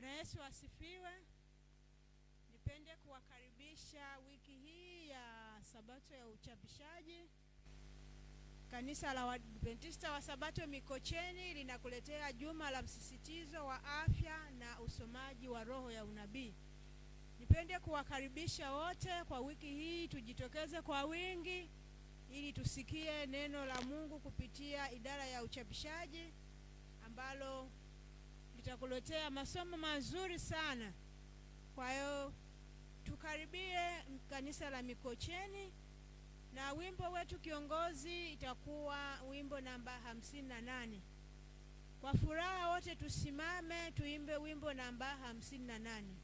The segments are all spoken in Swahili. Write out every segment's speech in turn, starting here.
Bwana Yesu asifiwe. Nipende kuwakaribisha wiki hii ya Sabato ya uchapishaji. Kanisa la Waadventista wa Sabato Mikocheni linakuletea juma la msisitizo wa afya na usomaji wa roho ya unabii. Nipende kuwakaribisha wote kwa wiki hii, tujitokeze kwa wingi ili tusikie neno la Mungu kupitia idara ya uchapishaji ambalo itakuletea masomo mazuri sana. Kwa hiyo tukaribie kanisa la Mikocheni na wimbo wetu kiongozi itakuwa wimbo namba hamsini na nane. Kwa furaha wote tusimame tuimbe wimbo namba hamsini na nane.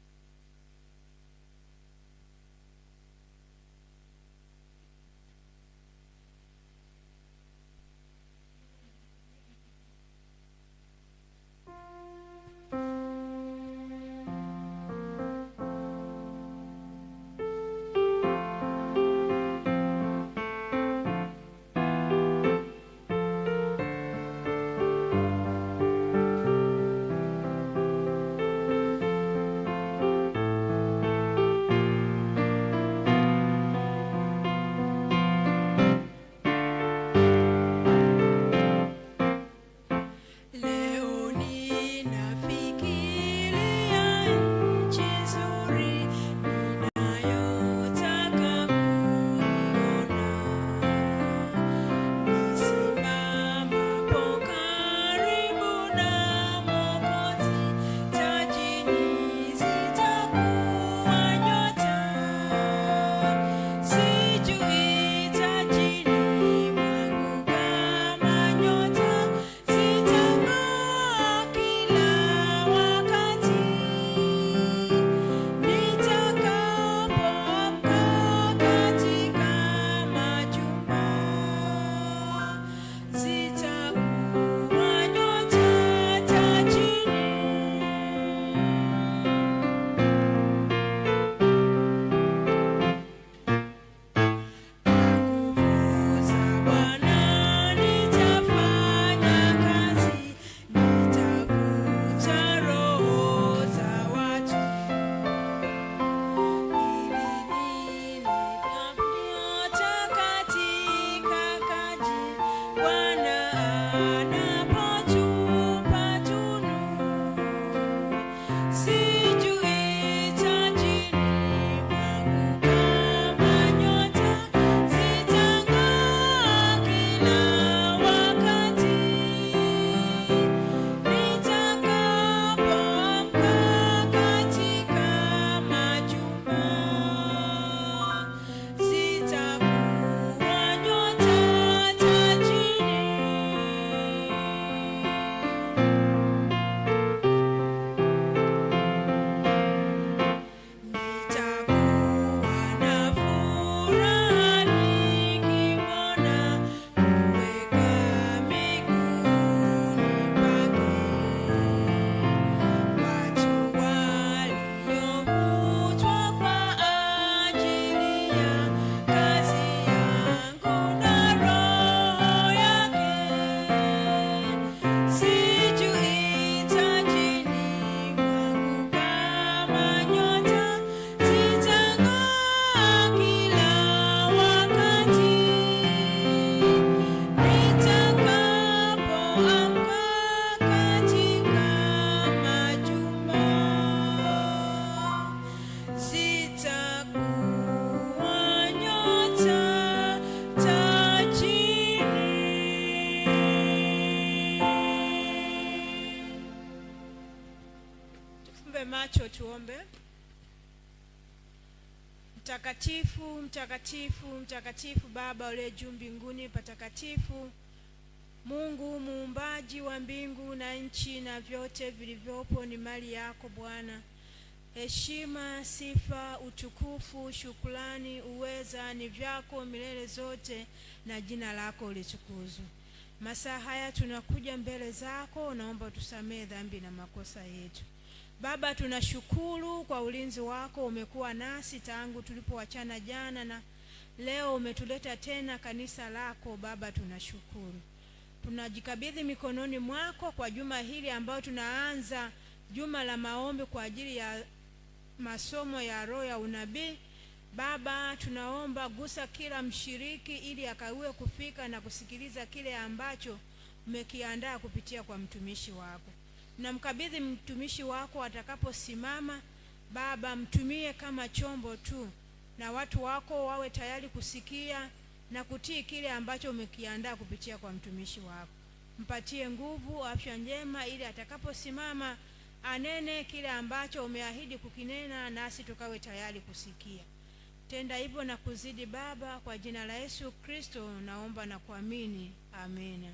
macho tuombe. Mtakatifu, mtakatifu, mtakatifu, Baba uliye juu mbinguni patakatifu, Mungu muumbaji wa mbingu na nchi na vyote vilivyopo ni mali yako Bwana. Heshima, sifa, utukufu, shukrani, uweza ni vyako milele zote, na jina lako litukuzwe. Masaa haya tunakuja mbele zako, naomba tusamehe dhambi na makosa yetu Baba, tunashukuru kwa ulinzi wako, umekuwa nasi tangu tulipoachana jana na leo umetuleta tena kanisa lako. Baba, tunashukuru, tunajikabidhi mikononi mwako kwa juma hili ambayo tunaanza juma la maombi kwa ajili ya masomo ya roho ya unabii. Baba, tunaomba gusa kila mshiriki ili akawe kufika na kusikiliza kile ambacho umekiandaa kupitia kwa mtumishi wako mkabidhi mtumishi wako atakaposimama, Baba, mtumie kama chombo tu, na watu wako wawe tayari kusikia na kutii kile ambacho umekiandaa kupitia kwa mtumishi wako. Mpatie nguvu, afya njema, ili atakaposimama anene kile ambacho umeahidi kukinena, nasi tukawe tayari kusikia. Tenda hivyo na kuzidi, Baba, kwa jina la Yesu Kristo naomba na kuamini, amina.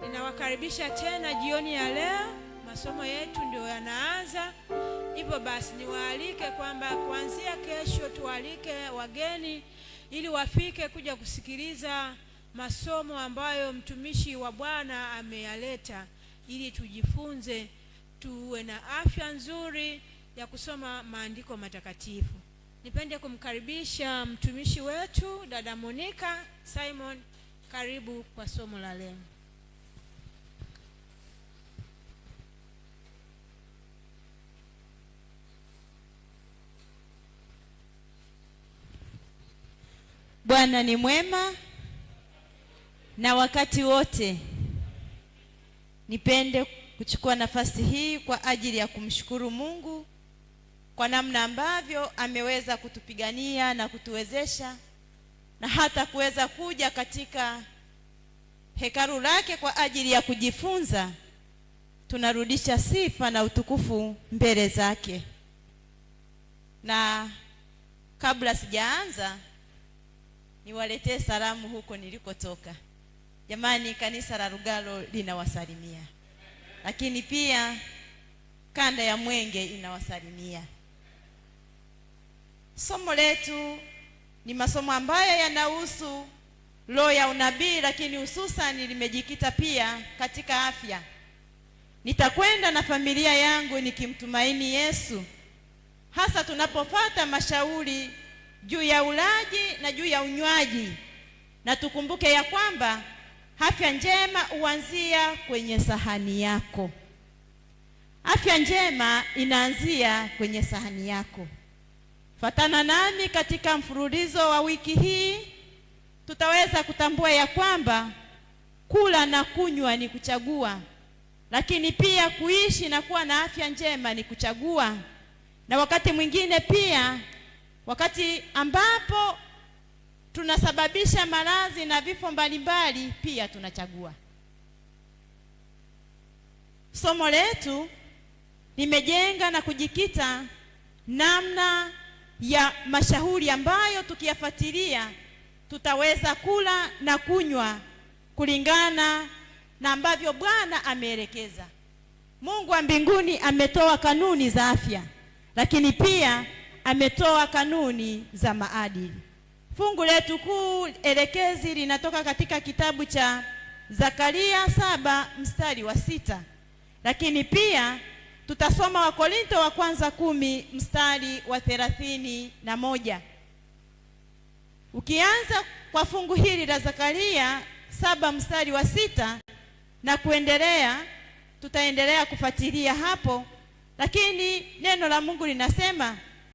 Ninawakaribisha tena jioni ya leo, masomo yetu ndio yanaanza. Hivyo basi niwaalike kwamba kuanzia kesho tuwaalike wageni ili wafike kuja kusikiliza masomo ambayo mtumishi wa Bwana ameyaleta ili tujifunze, tuwe na afya nzuri ya kusoma maandiko matakatifu. Nipende kumkaribisha mtumishi wetu dada Monica Simon, karibu kwa somo la leo. Bwana ni mwema na wakati wote. Nipende kuchukua nafasi hii kwa ajili ya kumshukuru Mungu kwa namna ambavyo ameweza kutupigania na kutuwezesha na hata kuweza kuja katika hekalu lake kwa ajili ya kujifunza. Tunarudisha sifa na utukufu mbele zake. Na kabla sijaanza niwaletee salamu huko nilikotoka. Jamani, kanisa la Lugalo linawasalimia, lakini pia kanda ya Mwenge inawasalimia. Somo letu ni masomo ambayo yanahusu roho ya unabii, lakini hususan limejikita pia katika afya. Nitakwenda na familia yangu nikimtumaini Yesu, hasa tunapofuata mashauri juu ya ulaji na juu ya unywaji, na tukumbuke ya kwamba afya njema huanzia kwenye sahani yako. Afya njema inaanzia kwenye sahani yako. Fatana nami katika mfululizo wa wiki hii, tutaweza kutambua ya kwamba kula na kunywa ni kuchagua, lakini pia kuishi na kuwa na afya njema ni kuchagua, na wakati mwingine pia wakati ambapo tunasababisha maradhi na vifo mbalimbali, pia tunachagua. Somo letu limejenga na kujikita namna ya mashauri ambayo tukiyafuatilia tutaweza kula na kunywa kulingana na ambavyo Bwana ameelekeza. Mungu wa mbinguni ametoa kanuni za afya, lakini pia ametoa kanuni za maadili. Fungu letu kuu elekezi linatoka katika kitabu cha Zakaria saba mstari wa sita, lakini pia tutasoma Wakorinto wa kwanza kumi mstari wa thelathini na moja. Ukianza kwa fungu hili la Zakaria saba mstari wa sita na kuendelea, tutaendelea kufuatilia hapo, lakini neno la Mungu linasema